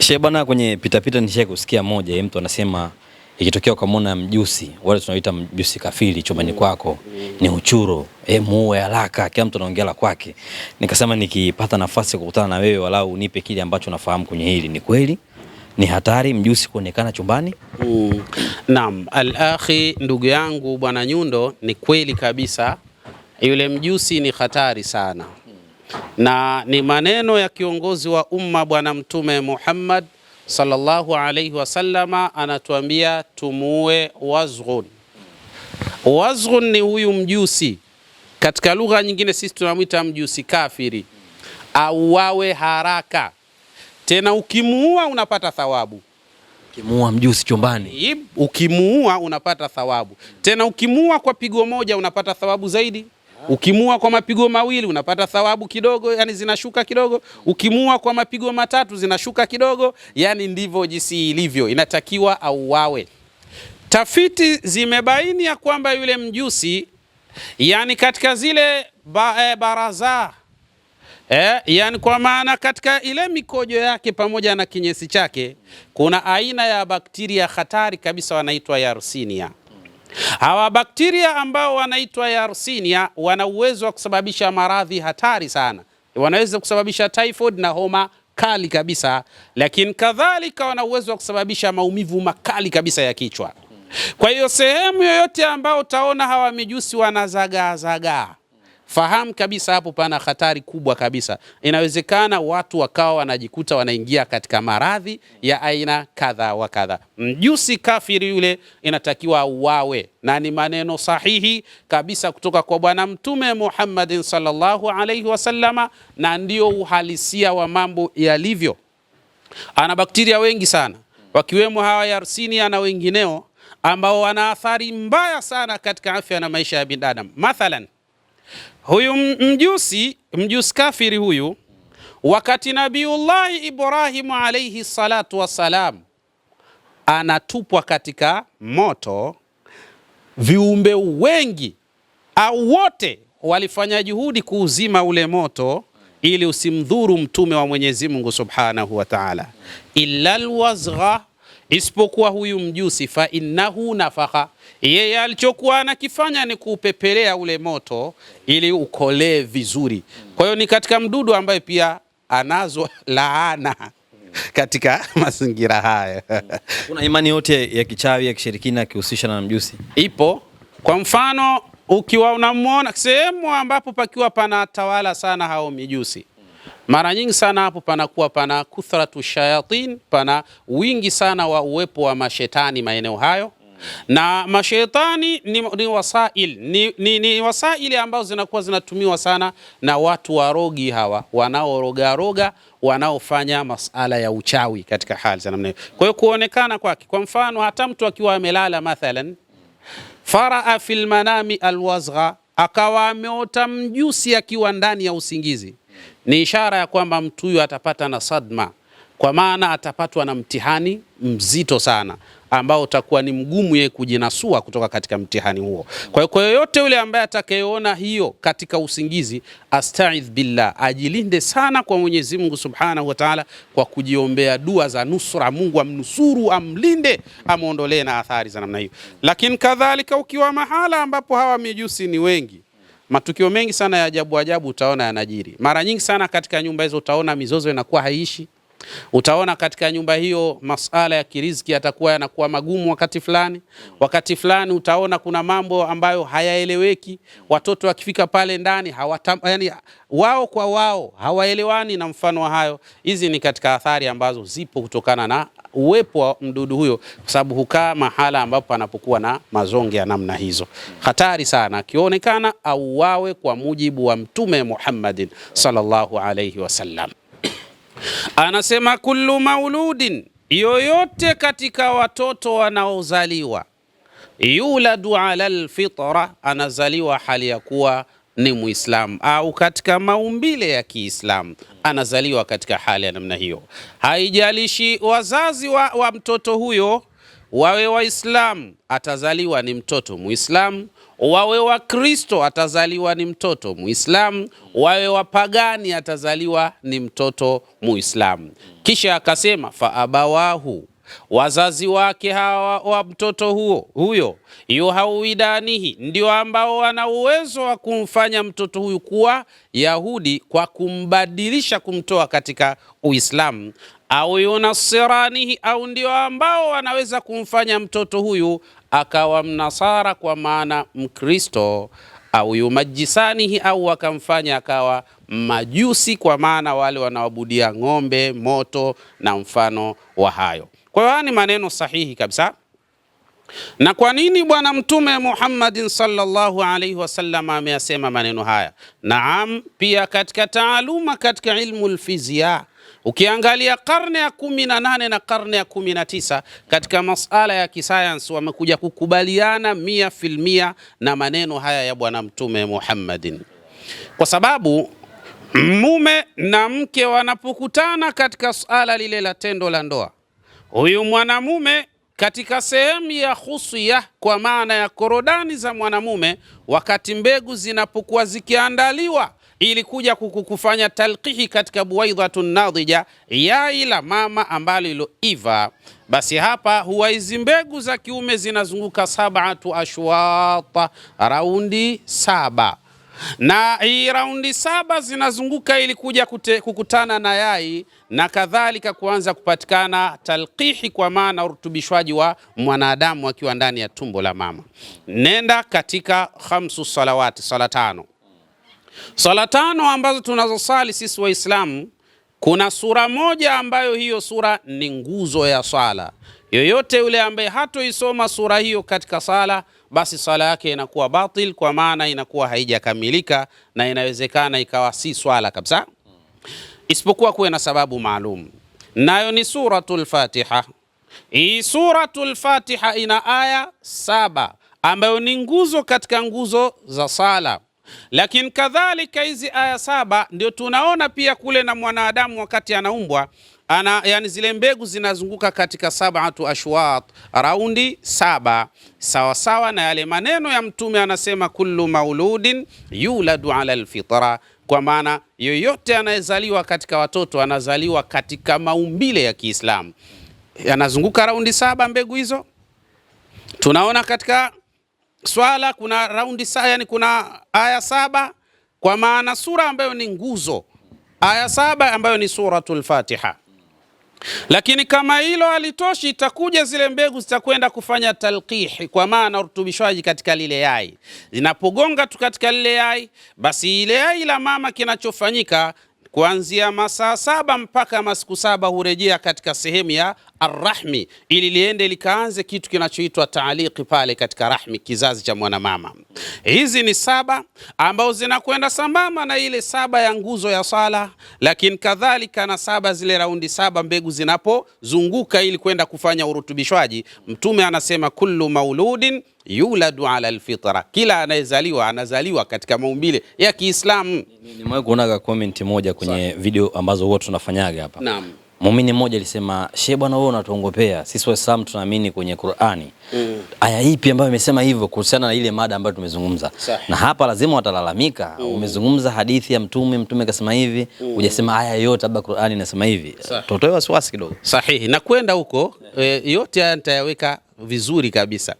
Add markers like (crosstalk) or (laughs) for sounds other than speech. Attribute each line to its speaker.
Speaker 1: She bana, kwenye pitapita nishae kusikia moja mtu anasema ikitokea ukamwona mjusi, wale tunaoita mjusi kafiri chumbani kwako ni uchuro, e, muue haraka. Kila mtu anaongea la kwake. Nikasema nikipata nafasi ya kukutana na wewe, walau unipe kile ambacho unafahamu kwenye hili. Ni kweli ni hatari mjusi kuonekana chumbani?
Speaker 2: Mm. Naam, al-akhi, ndugu yangu bwana Nyundo, ni kweli kabisa, yule mjusi ni hatari sana na ni maneno ya kiongozi wa umma Bwana Mtume Muhammad sallallahu alaihi wasallama, anatuambia tumuue Wazghun. Wazghun ni huyu mjusi, katika lugha nyingine sisi tunamwita mjusi kafiri, auawe haraka. Tena ukimuua unapata thawabu
Speaker 1: Ukimuua mjusi chumbani,
Speaker 2: ukimuua unapata thawabu. Tena ukimuua kwa pigo moja unapata thawabu zaidi. Ukimua kwa mapigo mawili unapata thawabu kidogo, yani zinashuka kidogo. Ukimua kwa mapigo matatu zinashuka kidogo, yani ndivyo jinsi ilivyo, inatakiwa auawe. Tafiti zimebaini ya kwamba yule mjusi, yani katika zile ba, e, baraza Eh, yani kwa maana katika ile mikojo yake pamoja na kinyesi chake kuna aina ya bakteria hatari kabisa wanaitwa Yersinia. Hawa bakteria ambao wanaitwa Yersinia wana uwezo wa kusababisha maradhi hatari sana, wanaweza kusababisha typhoid na homa kali kabisa, lakini kadhalika wana uwezo wa kusababisha maumivu makali kabisa ya kichwa. Kwa hiyo sehemu yoyote ambao utaona hawa mijusi wanazagaazagaa Fahamu kabisa hapo pana hatari kubwa kabisa. Inawezekana watu wakawa wanajikuta wanaingia katika maradhi ya aina kadha wa kadha. Mjusi kafiri yule inatakiwa auawe, na ni maneno sahihi kabisa kutoka kwa Bwana Mtume Muhammadin sallallahu alaihi wasallama, na ndio uhalisia wa mambo yalivyo. Ana bakteria wengi sana wakiwemo hawa Yersinia na wengineo ambao wana athari mbaya sana katika afya na maisha ya binadamu mathalan Huyu mjusi mjusi kafiri huyu, wakati Nabiullahi Ibrahimu alaihi salatu wassalam anatupwa katika moto, viumbe wengi au wote walifanya juhudi kuuzima ule moto ili usimdhuru mtume wa Mwenyezi Mungu subhanahu wa taala, illa alwazgha isipokuwa huyu mjusi, fa innahu nafakha, yeye alichokuwa anakifanya ni kuupepelea ule moto ili ukolee vizuri. Kwa hiyo ni katika mdudu ambaye pia anazo (laughs) laana katika (laughs) mazingira haya. (laughs)
Speaker 1: Kuna imani yote ya kichawi ya kishirikina akihusisha na mjusi
Speaker 2: ipo. Kwa mfano ukiwa unamwona sehemu ambapo pakiwa panatawala sana hao mijusi mara nyingi sana hapo panakuwa pana kuthratu shayatin, pana wingi sana wa uwepo wa mashetani maeneo hayo mm. na mashetani ni, ni wasail ni, ni, ni wasaili ambazo zinakuwa zinatumiwa sana na watu warogi hawa wanaorogaroga wanaofanya masala ya uchawi katika hali za namna hiyo. Kwa hiyo kuonekana kwake, kwa mfano, hata mtu akiwa amelala mathalan, faraa fil manami alwazgha, akawa ameota mjusi akiwa ndani ya usingizi ni ishara ya kwamba mtu huyu atapata na sadma, kwa maana atapatwa na mtihani mzito sana ambao utakuwa ni mgumu yeye kujinasua kutoka katika mtihani huo. Kwa hiyo kwa yoyote yule ambaye atakayeona hiyo katika usingizi, astaidh billah, ajilinde sana kwa Mwenyezi Mungu Subhanahu wa Ta'ala, kwa kujiombea dua za nusra. Mungu amnusuru, amlinde, amwondolee na athari za namna hiyo. Lakini kadhalika ukiwa mahala ambapo hawa mijusi ni wengi Matukio mengi sana ya ajabu ajabu utaona yanajiri. Mara nyingi sana katika nyumba hizo utaona mizozo inakuwa haiishi. Utaona katika nyumba hiyo masala ya kiriziki yatakuwa yanakuwa magumu wakati fulani, wakati fulani utaona kuna mambo ambayo hayaeleweki. Watoto wakifika pale ndani hawata, yani, wao kwa wao hawaelewani na mfano hayo. Hizi ni katika athari ambazo zipo kutokana na uwepo wa mdudu huyo, kwa sababu hukaa mahala ambapo anapokuwa na mazonge ya namna hizo. Hatari sana, akionekana wawe kwa mujibu wa Mtume Muhammadin sallallahu alayhi wasallam. Anasema kullu mauludin, yoyote katika watoto wanaozaliwa yuladu ala alfitra, anazaliwa hali ya kuwa ni Muislamu au katika maumbile ya Kiislamu, anazaliwa katika hali ya namna hiyo, haijalishi wazazi wa, wa mtoto huyo wawe Waislamu atazaliwa ni mtoto Muislamu, wawe Wakristo atazaliwa ni mtoto Muislamu, wawe wapagani atazaliwa ni mtoto Muislamu. Kisha akasema faabawahu wazazi wake hawa wa mtoto huo huyo yuhawidanihi, ndio ambao wana uwezo wa kumfanya mtoto huyu kuwa Yahudi kwa kumbadilisha, kumtoa katika Uislamu au yunasiranihi, au ndio ambao wanaweza kumfanya mtoto huyu akawa Mnasara kwa maana Mkristo, au yumajisanihi, au wakamfanya akawa majusi kwa maana wale wanaoabudia ng'ombe, moto na mfano wa hayo. Kwa hiyo ni maneno sahihi kabisa. Na kwa nini Bwana Mtume Muhammadin sallallahu alaihi wasallam ameyasema maneno haya? Naam, pia katika taaluma, katika ilmu lfizia ukiangalia karne ya kumi na nane na karne ya kumi na tisa katika masala ya kisayansi wamekuja kukubaliana mia filmia na maneno haya ya Bwana Mtume Muhammadin, kwa sababu mume na mke wanapokutana katika suala lile la tendo la ndoa huyu mwanamume katika sehemu ya husia, kwa maana ya korodani za mwanamume, wakati mbegu zinapokuwa zikiandaliwa ili kuja kukufanya talqihi katika buwaidhatun nadhija, yai la mama ambalo iloiva basi hapa huwa hizi mbegu za kiume zinazunguka sabatu ashwata, raundi saba na hii raundi saba zinazunguka ili kuja kute, kukutana na yai na kadhalika kuanza kupatikana talqihi, kwa maana urutubishwaji wa mwanadamu akiwa ndani ya tumbo la mama. Nenda katika khamsu salawati, sala tano, sala tano ambazo tunazosali sisi Waislamu. Kuna sura moja ambayo hiyo sura ni nguzo ya sala. Yoyote yule ambaye hatoisoma sura hiyo katika sala, basi sala yake inakuwa batil, kwa maana inakuwa haijakamilika na inawezekana ikawa si swala kabisa isipokuwa kuwe na sababu maalum, nayo ni suratul Fatiha. Hii suratul Fatiha ina aya saba ambayo ni nguzo katika nguzo za sala, lakini kadhalika hizi aya saba ndio tunaona pia kule na mwanadamu wakati anaumbwa ana, yani zile mbegu zinazunguka katika sabatu ashwat, raundi saba, sawasawa sawa na yale maneno ya Mtume anasema, kullu mauludin yuladu ala alfitra kwa maana yoyote anayezaliwa katika watoto anazaliwa katika maumbile ya Kiislamu, yanazunguka raundi saba mbegu hizo. Tunaona katika swala kuna raundi saba, yani kuna aya saba, kwa maana sura ambayo ni nguzo, aya saba ambayo ni Suratul Fatiha. Lakini kama hilo halitoshi, itakuja zile mbegu zitakwenda kufanya talqihi, kwa maana urutubishwaji katika lile yai. Linapogonga tu katika lile yai, basi ile yai la mama kinachofanyika kuanzia masaa saba mpaka masiku saba hurejea katika sehemu ya arrahmi, ili liende likaanze kitu kinachoitwa taaliki pale katika rahmi, kizazi cha mwanamama. Hizi ni saba ambazo zinakwenda sambamba na ile saba ya nguzo ya sala, lakini kadhalika na saba zile raundi saba mbegu zinapozunguka ili kwenda kufanya urutubishwaji. Mtume anasema kullu mauludin yuladu ala alfitra, kila anayezaliwa anazaliwa katika maumbile ya Kiislamu.
Speaker 1: Nimewahi kuonaga comment moja kwenye Sorry. video ambazo huwa tunafanyaga hapa. Naam. Muumini mmoja alisema, "Shehe bwana, wewe unatuongopea. Sisi Waislamu tunaamini kwenye Qur'ani." Mm. Aya ipi ambayo imesema hivyo kuhusiana na ile mada ambayo tumezungumza? Na hapa lazima watalalamika. Mm. Umezungumza hadithi ya mtume, mtume kasema hivi, mm. Ujasema aya yote labda Qur'ani inasema hivi. Tutoe wasiwasi kidogo.
Speaker 2: Sahihi. Na kwenda huko, yeah. E, yote haya nitayaweka vizuri kabisa.